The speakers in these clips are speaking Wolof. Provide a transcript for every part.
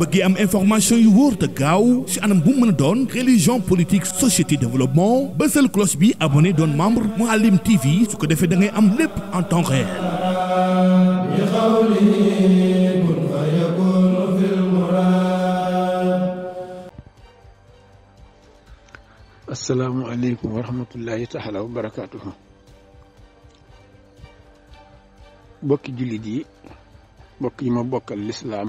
bëggee am information yu wóor te gaaw ci anam bu mën a doon religion politique société développement bësal cloche bi abonné doon membre Mouhalim TV su ko defee da am lépp en temps réel. asalaamaaleykum wa rahmatullahi taala wa barakaatuhu. bokki jullit yi bokk yi ma bokkal lislaam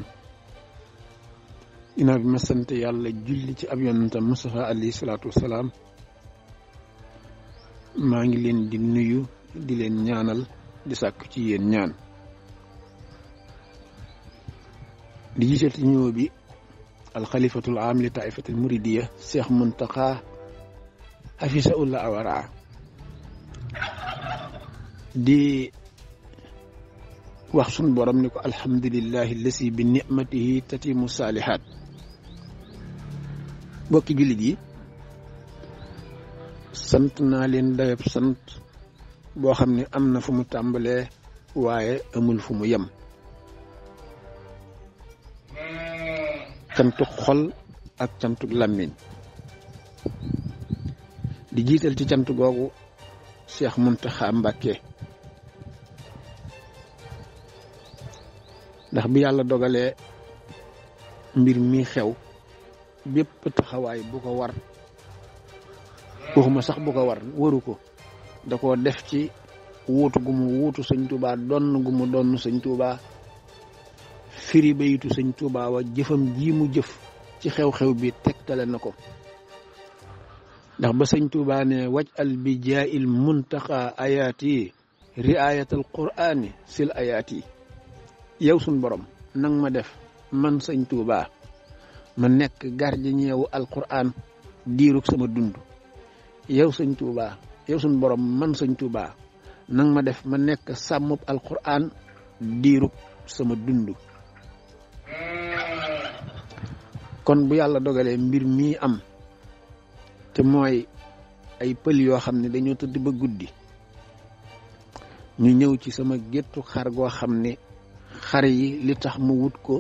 ginnaaw bi ma sant yàlla julli ci ab yonantam Mustafa alayhi salaatu wasalaam maa ngi leen di nuyu di leen ñaanal di sàkk ci yéen ñaan di gisal ci ñëw bi alxalifatul aam li taifatil muridiya Cheikh Muntaqa xafisa ulla awaraa di wax suñ boroom ni ko alhamdulillahi lasi bi nicmatihi tatimu saalihaat bokki jullit yi sant naa leen dayab sant boo xam ne am na fu mu tàmbalee waaye amul fu mu yem cantuk xol ak cantuk làmmiñ di jiital ci cant googu Cheikh Mountakha Mbacké ndax bi yàlla dogalee mbir mi xew bépp taxawaay bu ko war waxuma sax bu ko war waru ko da ko def ci wuutu gu mu wuutu sëñ Tuubaa donn gu mu donn sëñ Tuubaa firi bayitu sëñ Tuubaa wa jëfam jii mu jëf ci xew-xew bi tegtale na ko ndax ba sëñ Tuubaa ne waj al bi jaa ayaati riayatal quraani sil ayaati yow suñ borom nang ma def man sëñ Tuubaa ma nekk gardien wu alquran diirug sama dund yow sëñ Tuubaa yow suñ borom man sëñ Tuubaa nang ma def ma nekk sàmmub alquran diirug sama dund kon bu yàlla dogalee mbir mii am te mooy ay pël yoo xam ne dañoo tëdd ba guddi ñu ñëw ci sama géttu xar goo xam ne xar yi li tax mu wut ko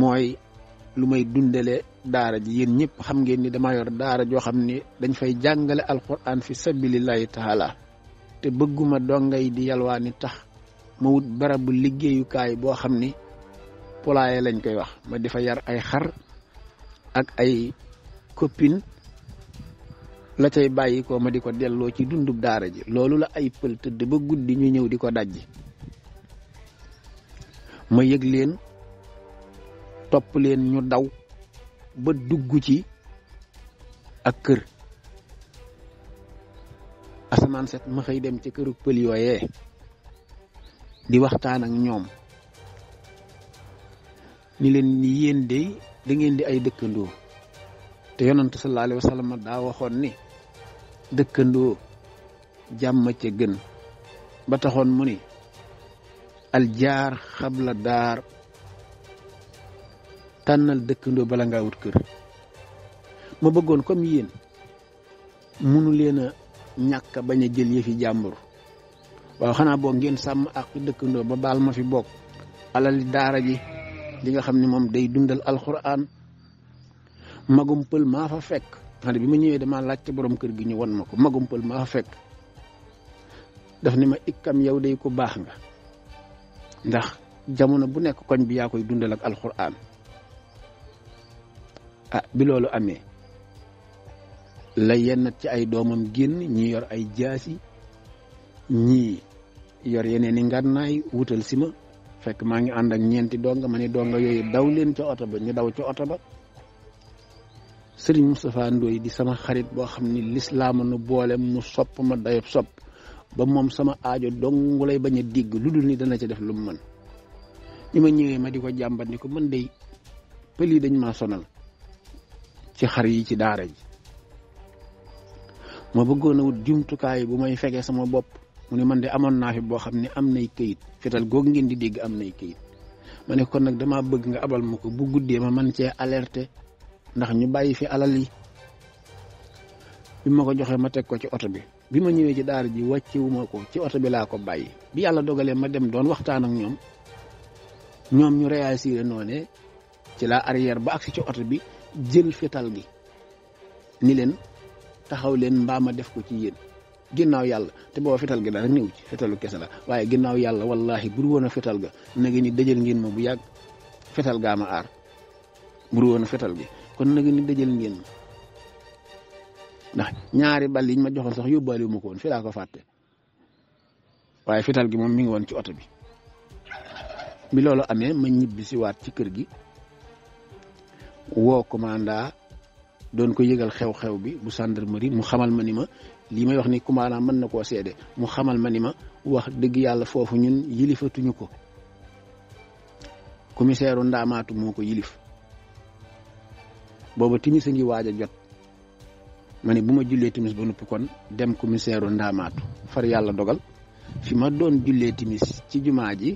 mooy lu may dundale daara ji yéen ñëpp xam ngeen ni dama yor daara joo xam ni dañ fay jàngale alquran fi sabilillahi taala te bëgguma dongay di yalwaani tax ma wut barabu liggéeyukaay boo xam ni poulailler lañ koy wax ma di fa yar ay xar ak ay koppin la cay bàyyi ko ma di ko delloo ci dundub daara ji loolu la ay pël tëdd ba guddi ñu ñëw di ko dajji ma yëg leen topp leen ñu daw ba dugg ci ak kër asamaan set ma xëy dem ci këru pël yooyee di waxtaan ak ñoom ni leen ni yéen de da ngeen di ay dëkkandoo te yonent sallallahu alayhi wa daa waxoon ni dëkkandoo jàmm ca gën ba taxoon mu ni aljaar xabla daar tànnal dëkkandoo bala ngaa wut kër ma bëggoon comme yéen munu leen a ñàkk bañ a jël fi jàmbur waaw xanaa boog ngeen sàmm ak dëkkandoo ba baal ma fi bokk alali daara ji li nga xam ni moom day dundal alxuraan magum pël maa fa fekk xanaa bi ma ñëwee damaa laajte boroom kër gi ñu won ma ko magum pël maa fa fekk daf ne ma ikkam yow day ko baax nga ndax jamono bu nekk koñ bi yaa koy dundal ak alxuraan ah bi loolu amee la yenn ci ay doomam génn ñi yor ay jaasi ñi yor yeneen i ngànnaay wutal si ma fekk maa ngi ànd ak ñeenti donga ma ne donga yooyu daw leen ca oto ba ñu daw ca oto ba sëriñ Moustapha Ndoye di sama xarit boo xam ni lislaama nu boole mu sopp ma dayob sopp ba moom sama aajo dong lay bañ a digg lu dul ni dana ci def lu mu mën bi ma ñëwee ma di ko jàmbat ni ko man day pël yi dañ ma sonal ci xar yi ci daara ji ma bëggoon a wut jumtukaay bu may fegee sama bopp mu ne man de amoon naa fi boo xam ne am nay këyit fetal googu ngeen di dégg am nay këyit ma ne nag damaa bëgg nga abal ma ko bu guddee ma man cee alerter ndax ñu bàyyi fi alal yi bi ma ko joxee ma teg ko ci oto bi bi ma ñëwee ci daara ji wàccewuma ko ci oto bi laa ko bàyyi bi yàlla dogalee ma dem doon waxtaan ak ñoom ñoom ñu réagir noone ci la arrière ba agsi ci oto bi jël fetal gi ni leen taxaw leen mbaa ma def ko ci yéen ginnaaw yàlla te boo fetal gi dara néew ci fetalu kese la waaye ginnaaw yàlla wallahi bur woon a fetal ga na ngi ni dëjël ngeen ma bu yàgg fetal gaama ma aar bur woon fetal gi kon na ngi ni dëjël ngeen ma ndax ñaari bal yiñ ma joxoon sax yóbbaale wu ma ko woon fi laa ko fàtte waaye fital gi moom mi ngi woon ci oto bi bi loolu amee ma ñibbi si waat ci kër gi woo commanda doon ko yëgal xew-xew bi bu gendarmerie mu xamal ma ni ma lii may wax ni commanda mën na koo seede mu xamal ma ni ma wax dëgg yàlla foofu ñun yilifatuñu ko commissaire u ndaamaatu moo ko yilif booba timis a ngi waaj jot ma ne bu ma jullee timis ba noppi kon dem commissaire u ndaamaatu far yàlla dogal fi ma doon jullee timis ci jumaa ji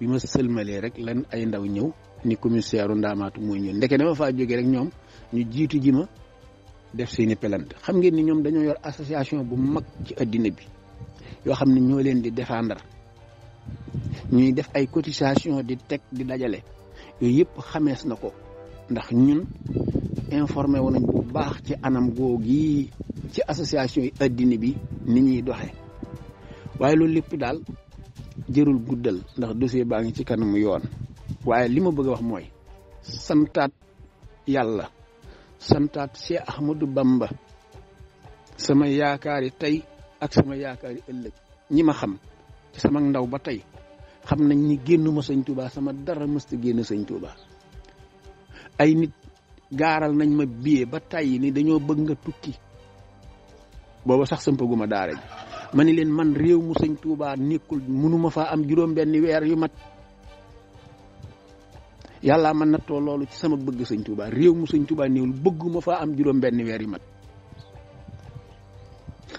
bi ma sëlmalee rek lan ay ndaw ñëw ni commissaire u ndaamaatu mooy ñëw ndeke dama faa jóge rek ñoom ñu jiitu ji ma def seeni pelante xam ngeen ni ñoom dañoo yor association bu mag ci addina bi yoo xam ne ñoo leen di défendre ñuy def ay cotisation di teg di dajale yooyu yëpp xamees na ko ndax ñun informé wu nañ bu baax ci anam googu yi ci association yi addina bi ni ñuy doxee waaye loolu lépp daal jërul guddal ndax dossier baa ngi ci kanamu yoon waaye li ma bëgg a wax mooy santaat yàlla santaat Cheikh Ahmadou Bamba sama yaakaari tey ak sama yaakaari ëllëg ñi ma xam ci sama ndaw ba tey xam nañ ni génn ma sëñ Tuubaa sama dara mësta génn sëñ Tuubaa ay nit gaaral nañ ma billet ba tey ni dañoo bëgg nga tukki booba sax sëmpaguma daara ji ma ni leen man réew mu sëñ Tuubaa nekkul mënuma faa am juróom benn weer yu mat yàlla man nattoo loolu ci sama bëgg sëñ Tuubaa réew mu sëñ bëgguma faa am juróom weer yu mat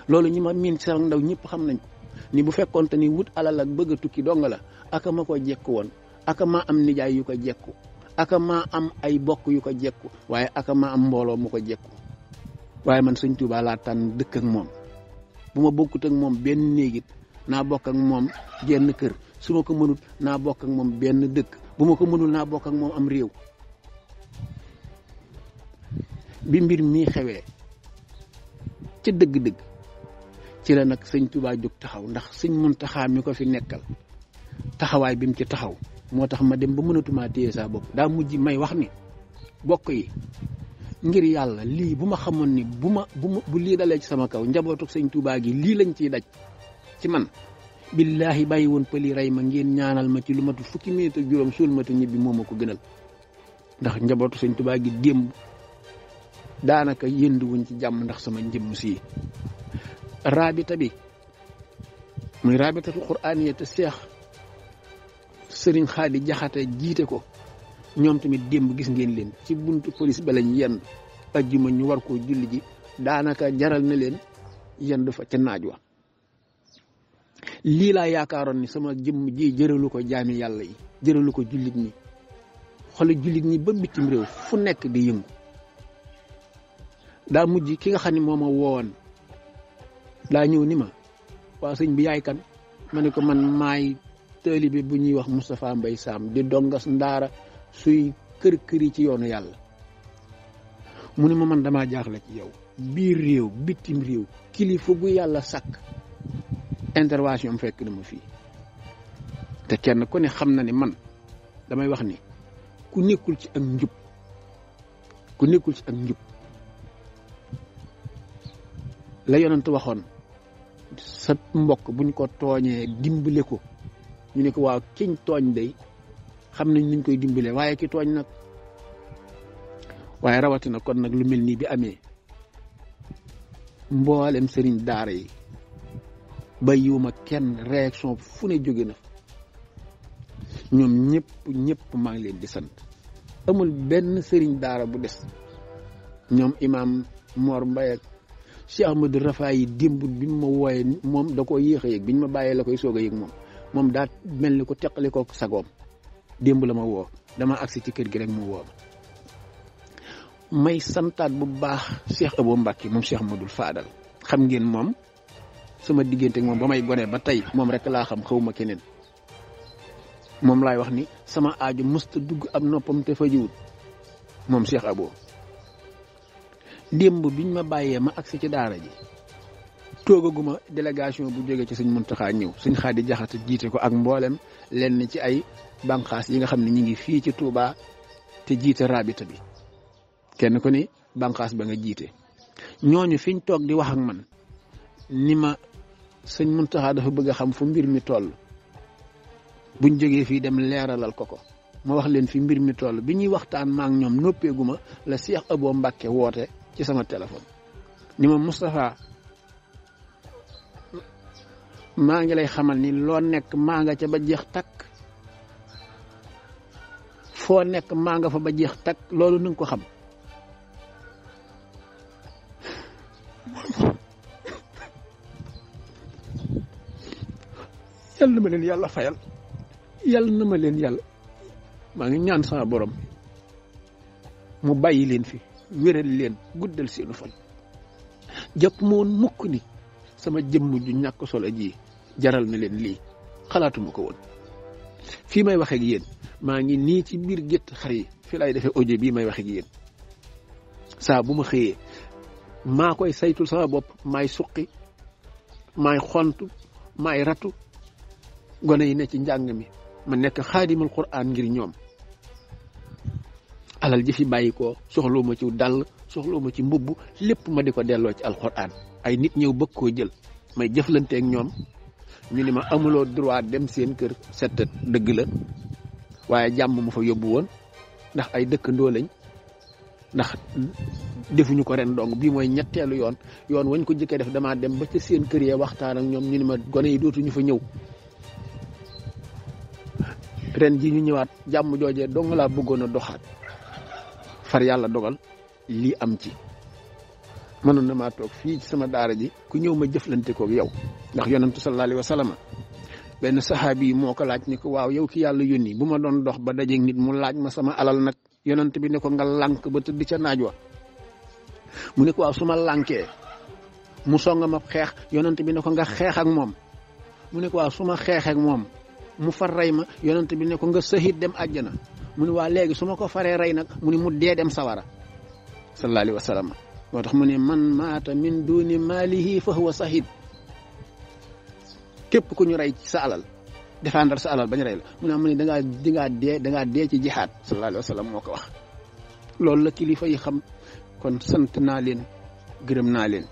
loolu ñi ma miin ci sama ndaw ñëpp xam nañ ko ni bu fekkoonte ni wut alal ak bëgg a tukki dong la aka ma ko jekk woon aka ma am nijaay yu ko jekku aka am ay bokk yu ko jekku waaye aka am mbooloo mu ko jekku waaye man sëñ Tuubaa laa tànn dëkk ak moom bu ma bokkut ak moom benn néegit naa bokk ak moom genn kër su ma ko mënut naa bokk ak moom benn dëkk bu ma ko mënul naa bokk ak moom am réew bi mbir mii xewee ca dëgg-dëgg ci la nag sëñ Tuubaa jóg taxaw ndax sëñ Muntaxaa mi ko fi nekkal taxawaay bi mu ci taxaw moo tax ma dem ba mënatumaa téye saa bopp daa mujj may wax ni bokk yi ngir yàlla lii bu ma xamoon ni bu ma bu lii dalee ci sama kaw njabootu sëñ Tuubaa gi lii lañ ci daj ci man billaahi bàyyi woon pëli rey ma ngeen ñaanal ma ci lu matu fukki minute ak juróom suul matu ñibbi ma ko gënal ndax njabootu sëñ Tuubaa gi démb daanaka yënduwuñ ci jàmm ndax sama njëmm sii raabita bi muy raabitatul quraaniya te seex sëriñ xaadi jaxate jiite ko ñoom tamit démb gis ngeen leen ci buntu police ba lañ yenn ajjuma ñu war ko julli ji daanaka jaral na leen yenn fa ca naaj wa lii laa yaakaaroon ni sama jëmm ji jëralu ko jaami yàlla yi jëralu ko jullit ñi xoolal jullit ñi ba bitim réew fu nekk di yëngu daa mujj ki nga xam ne moo ma daa ñëw ni ma waa sëñ bi yaay kan ma ne ko man maay taalibe bu ñuy wax Moustapha mbay saam di dongas ndaara suy kër këri ci yoonu yàlla mu ne ma man damaa jaaxle ci yow biir réew bitim réew kilifa gu yàlla sàkk intervention fekk na ma fii te kenn ku ne xam na ni man damay wax ni ku nekkul ci ak njub ku nekkul ci ak njub la yonent waxoon sa mbokk buñ ko tooñee dimbale ko ñu ne ko waaw kiñ tooñ day xam nañ niñ koy dimbalee waaye ki tooñ nag waaye rawatina kon nag lu mel nii bi amee mboolem sëriñ daara yi ba bàyyiwuma kenn réaction fu ne jóge na ñoom ñëpp ñëpp maa ngi leen di sant amul benn sëriñ daara bu des ñoom imaam Mor Mbaye ak Cheikh Amadou Rafa yi démb bi mu ma wooyee moom da koo yéex a yëg bi ñu ma bàyyee la koy soog a yëg moom. moom daa mel ni ku teqali ko sagoom démb la ma woo dama agsi ci kër gi rek mu woo may santaat bu baax Cheikh Abo Mbacke moom ma dul faadal xam ngeen moom sama diggante moom ba may gone ba tey moom rek laa xam ma keneen moom laay wax ni sama aaju mësta dugg ab noppam te fa jiwut moom Cheikh Abo démb bi ñu ma bàyyee ma agsi ci daara ji toogaguma délégation bu jógee ci suñ Muntaxa ñëw suñ xaa di jaxata jiite ko ak mboolem lenn ci ay bànqaas yi nga xam ne ñu ngi fii ci Touba te jiite rabita bi kenn ku ni bànqaas ba nga jiite ñooñu fiñ toog di wax ak man ni ma suñ Muntaxa dafa bëgg a xam fu mbir mi toll buñ jógee fii dem leeralal ko ko ma wax leen fi mbir mi toll bi ñuy waxtaan maak ak ñoom noppeeguma la Seex Abo Mbàkke woote ci sama téléphone ni ma Moustapha maa ngi lay xamal ni loo nekk maa nga ca ba jeex takk foo nekk maa nga fa ba jeex takk loolu na nga ko xam yal na ma leen yàlla fayal yal na ma leen yàlla maa ngi ñaan sama borom mu bàyyi leen fi wéral leen guddal seenu fan jëpp moon mukk ni sama jëmm ju ñàkk solo ji jaral na leen lii xalaatuma ko woon fii may waxee ak yéen maa ngi nii ci biir gétt xar yi fii laay defee audio bii may waxee ak saa bu ma xëyee maa koy saytul sama bopp maay suqi maay xont maay ratu gone yi ne ci njàng mi ma nekk xaadimal quraan ngir ñoom alal ji fi bàyyi ko soxloo ma ci dàll soxloo ma ci mbubb lépp ma di ko delloo ci alquraan ay nit ñëw bëgg koo jël may jëflanteeg ñoom ñu ni ma amuloo droit dem seen kër set dëgg la waaye jàmm mu fa yóbbu woon ndax ay dëkkandoo lañ ndax defuñu ko ren dong bii mooy ñetteelu yoon yoon wañ ko jëkkee def damaa dem ba ca seen kër yee waxtaan ak ñoom ñu ni ma gone yi dootuñu fa ñëw ren ji ñu ñëwaat jàmm joojee dong laa bëggoon a doxaat far yàlla dogal lii am ci mënoon na maa toog fii ci sama daara ji ku ñëw ma jëflante koog yow ndax yonantu sallallahu alayhi wa sallam benn saxaabi yi moo ko laaj ni ko waaw yow ki yàlla yónni bu ma doon dox ba dajeeg nit mu laaj ma sama alal nag yonant bi ne ko nga lànk ba tëdd ca naaj wa mu ne ko waaw su ma lànkee mu song ma xeex yonant bi ne ko nga xeex ak moom mu ne ko su ma xeex moom mu far rey ma yonant bi ne ko nga sëhit dem àjjana mu ne waa léegi su ma ko faree rey nag mu ne mu dee dem sawara sallallahu alayhi wa sallam moo tax mu ne man maata min duni maalihi fa huwa sahid képp ku ñu rey saalal sa alal défendre sa alal bañ rey la mu ne mu ne dangaa dangaa dee danga dee ci jihaad sallallahu alayhi wa moo ko wax loolu la kilifa yi xam kon sant naa leen gërëm naa leen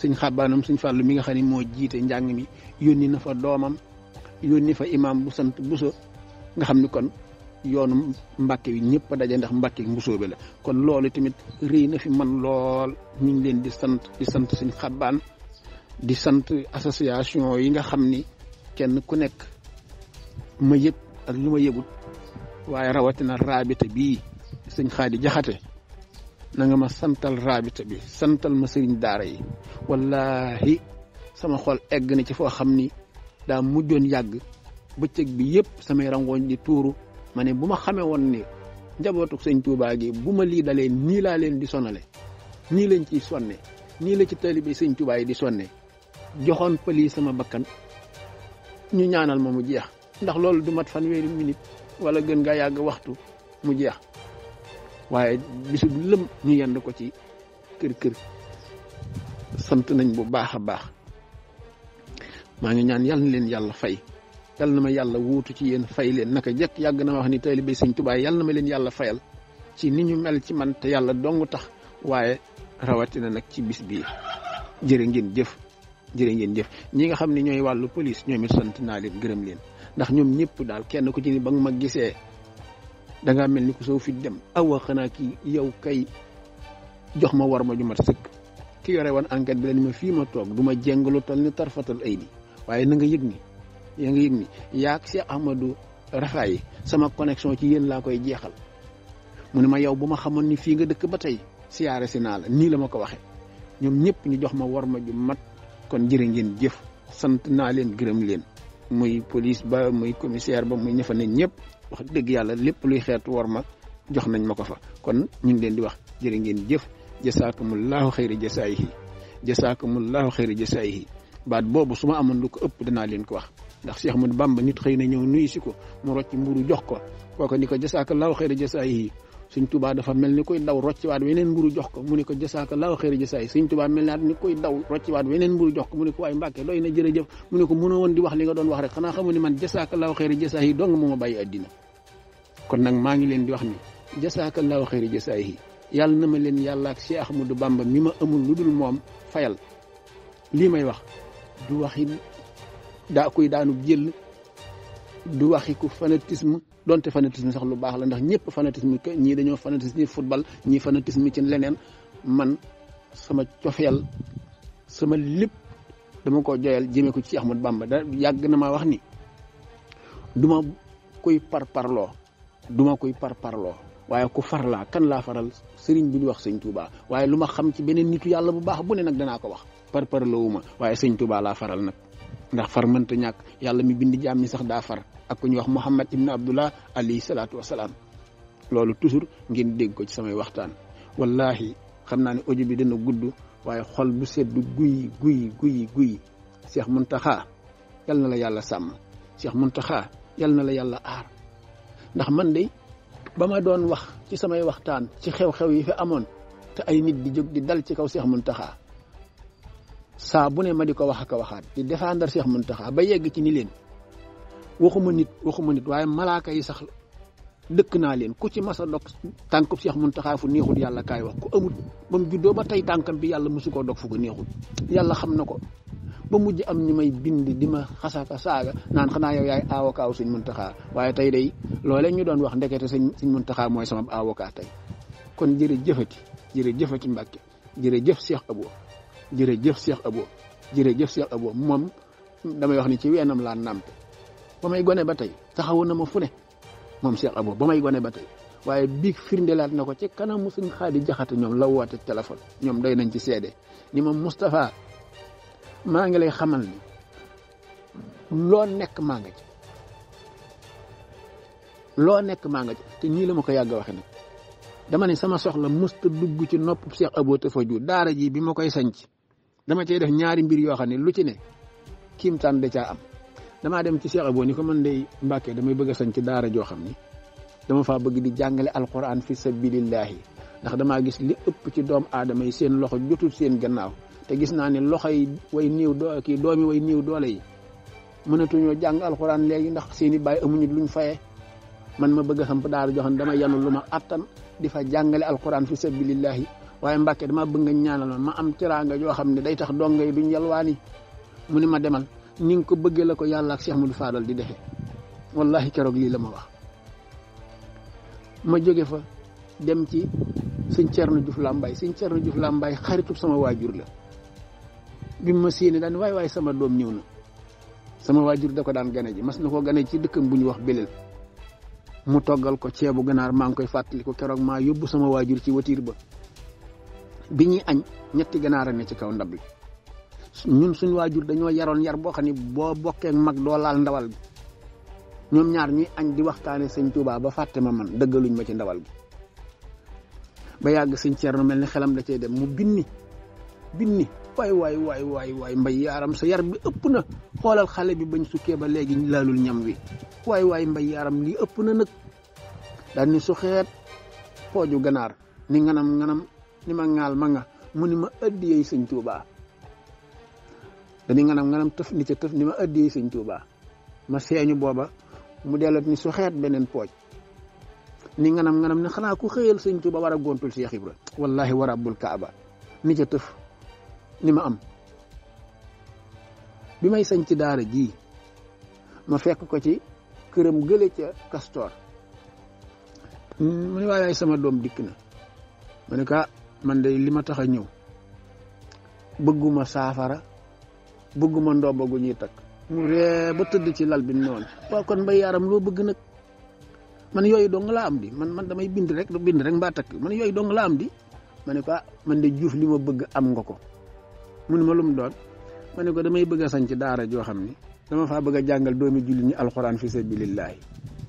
suñ xabaanam suñ fàllu mi nga xam ni moo jiite njàng mi yónni na fa doomam yónni fa imaam bu sant buso nga xam ni kon yoonu mbàkke yi ñëpp a daje ndax mbàkke bi la kon loolu tamit rëy na fi man lool ñu ngi leen di sant di sant suñ xabaan di sant association yi nga xam ni kenn ku nekk ma yëg ak lu ma yëgut waaye rawatina raabita bii sëñ xaadi jaxate na nga ma santal raabita bi santal ma sëriñ daara yi wallahi sama xol egg na ci foo xam ni daa mujjoon yàgg bëccëg bi yëpp samay rangooñ di tuuru ma ne bu ma xamee woon ni njabootu sëñ Touba gi bu ma lii dalee nii laa leen di sonale nii lañ ciy sonne nii la ci taalibe sëñ Touba yi di sonne joxoon pëli sama bakkan ñu ñaanal ma mu jeex ndax loolu du mat fanweeri minute wala gën nga yàgg waxtu mu jeex waaye bisu lëm ñu yend ko ci kër kër sant nañ bu baax baax maa ngi ñaan yàlla leen yàlla fay yal na ma yàlla wuutu ci yéen fay leen naka njëkk yàgg na wax ni taalibe sëñ Tuubaa yal na ma leen yàlla fayal ci ni ñu mel ci man te yàlla dong tax waaye rawatina nag ci bis bii jërë ngeen jëf jërë ngeen jëf ñi nga xam ne ñooy wàllu police ñoom it sant naa leen gërëm leen ndax ñoom ñëpp daal kenn ku ci ni ba nga ma gisee da mel ni ku soo fi dem awa xanaa kii yow kay jox ma war ma ju mat sëkk ki yore wan enquête bi la ma fii ma toog du ma jeng lu toll ni tarfatal ay ni yaa ngi yëg ni yaag Cheikh Ahmadou Rafaay sama connexion ci yéen laa koy jeexal mu ne ma yow bu ma xamoon ni fii nga dëkk ba tey siyaare si naa la nii la ma ko waxee ñoom ñëpp ñu jox ma war ma ju mat kon jërë ngeen jëf sant naa leen gërëm leen muy police ba muy commissaire ba muy ñëfa ñëpp wax dëgg yàlla lépp luy xeetu war ma jox nañ ma ko fa kon ñu ngi leen di wax jërë ngeen jëf jasaakumullahu xayra jasaayihi jasaakumullahu xayra jasaayihi baat boobu su ma amoon lu ko ëpp danaa leen ko wax ndax Cheikh Ahmadou Bamba nit xëy na ñëw nuyu si ko mu rocc mburu jox ko kooku ni ko jasaakallaahu xayra jasaayi suñ tubaa dafa mel ni koy daw rocciwaat weneen mburu jox ko mu ne ko jasaakallaahu xayra jasaayi suñ tubaa mel naat ni koy daw rocciwaat weneen mburu jox ko mu ne ko waaye Mbàkke doy na jërëjëf mu ne ko mënoo woon di wax li nga doon wax rek xanaa xamu ne man jasaakallaahu xayra jasaayi dong moo ma bàyyi addina kon nag maa ngi leen di wax ni jasaakallaahu xayra jasaayi yàlla na ma leen yàlla ak Cheikh Ahmadou Bamba mi ma amul lu dul moom fayal lii may wax daa kuy daanu jël du waxiku fanatisme donte fanatisme sax lu baax la ndax ñëpp fanatisme que ñii dañoo fanatisme ci football ñii fanatisme ci leneen man sama cofeel sama lépp dama ko joyal jëmee ko ci Ahmad Bamba da yàgg na maa wax ni duma koy parparloo duma koy par parparloo waaye ku far laa kan laa faral sëriñ bi ñu wax sëñ Touba waaye lu ma xam ci beneen nitu yàlla bu baax bu ne nag danaa ko wax parparloowu ma waaye sëñ Touba laa faral nag ndax far mënta ñàkk yàlla mi bind jaam ñi sax daa far ak ku ñuy wax Muhammad ibnu Abdullah alayhi salaatu wasalaam loolu toujours ngeen dégg ko ci samay waxtaan wallahi xam naa ne ojo bi dana gudd waaye xol bu sedd guy guy guy guy Cheikh Muntaxa yal na la yàlla sàmm Cheikh Muntaxa yal na la yàlla aar ndax man de ba ma doon wax ci samay waxtaan ci xew-xew yi fi amoon te ay nit di jóg di dal ci kaw seex Cheikh Muntaxa saa bu ne ma di ko wax ak a waxaat di défendre Cheikh Mountakha ba yegg ci ni leen waxuma nit waxuma nit waaye malaaka yi sax dëkk naa leen ku ci masa a dog tànkub Cheikh Mountakha fu neexul yàlla kaay wax ku amut ba mu juddoo ba tey bi yàlla mosu koo dog fu ko neexul yàlla xam na ko ba mujj am ñu may bind di ma xasaka saaga naan xanaa yow yaay avocat mun taxaar waaye tey dey loolee ñu doon wax ndekete suñ suñ Mountakha mooy sama avocat tey kon jërëjëfati jërëjëfati Mbàkke jërëjëf Cheikh Abou jërëjëf Cheikh Abo jërëjëf Cheikh Abo moom damay wax ni ci weenam laa nàmpe ba may gone ba tey taxawu na ma fu ne moom Cheikh Abo ba may gone ba tey waaye biig firndelaat na ko ci kanamu suñ xaadi jaxate ñoom la woote téléphone ñoom doy nañ ci seede ni ma Moustapha maa ngi lay xamal ni loo nekk maa nga ci loo nekk maa nga ci te ñii la ma ko yàgg waxe nag dama ne sama soxla musta dugg ci nopp Cheikh Abo Tafa ju daara ji bi ma koy sanc dama cey def ñaari mbir yoo xam ne lu ci ne tan de caa am damaa dem ci Cheikh Abo ni ko man day Mbàkke damay bëgg sañ ci daara joo xam ni dama faa bëgg di jàngale alquran fi sabilillahi ndax damaa gis li ëpp ci doom aadama yi seen loxo jotul seen gannaaw te gis naa ne loxo yi way néew doo kii doomi way néew doole yi mënatuñoo jàng alquran léegi ndax seeni i bàyyi amuñu luñ faye man ma bëgg a daara joo xam ne dama yanu lu ma attan di fa jàngale alquran fi sabilillahi waaye Mbàkke dama bëgg nga ñaanal ma am teraanga ñoo xam ne day tax dongo yi duñ yalwaani mu ni ma demal ni nga ko bëggee la ko yàlla ak Cheikh Modou Fadal di defee wallahi keroog lii la ma wax ma jóge fa dem ci sëñ Thierno Diouf Lambaye sëñ Thierno Diouf Lambaye xaritub sama waajur la bi ma séenee daan waaye waaye sama doom ñëw na sama waajur da ko daan gane ji mas na koo gane ci dëkkam bu ñu wax Belel mu toggal ko ceebu ganaar maa ngi koy fàttali keroog maa yóbbu sama waajur ci watiir bi ñuy añ ñetti ganaara ne ci kaw ndab li ñun suñu waajur dañoo yaroon yar boo xam ne boo bokkee mag doo laal ndawal bi ñoom ñaar ñuy añ di waxtaane sëñ Tuubaa ba fàtte ma man dëggaluñ ma ci ndawal gi ba yàgg sëñ Ceerno mel ni xelam da cay dem mu binni binni waay waay waay waay mbay yaaram sa yar bi ëpp na xoolal xale bi bañ sukkee ba léegi laalul ñam wi waay waay mbay lii ëpp na nag daal ni su xeet pooju ganaar ni nganam nganam ni ma ŋaal ma nga mu ni ma ëddiyey sëñ Tuubaa dañuy nganam nganam tëf ni ca tëf ni ma ëddiyey sëñ Tuubaa ma seeñu booba mu dellat ni su xeet beneen pooj ni nganam nganam ni xanaa ku xëyal sëñ Tuubaa war a gontul Cheikh Ibra wallahi wa rabbul kaaba ni ca tëf ni ma am bi may sañ ci daara ji ma fekk ko ci këram gële ca Castor mu ne waaye sama doom dikk na ma ne man de li ma tax a ñëw bëgguma saafara bëgguma ndomba gu ñuy takk mu ree ba tëdd ci lal bi noonu waaw kon mbay yaaram loo bëgg nag man yooyu dong laa am di man man damay bind rek bind rek mbaa takk man yooyu dong laa am di ma ne ko ah man de juuf li ma bëgg am nga ko mu ne ma lu mu doon ma ne ko damay bëgg a sañ ci daara joo xam ni dama faa bëgg a jàngal doomi julli ñi alxuraan fi sabilillaahi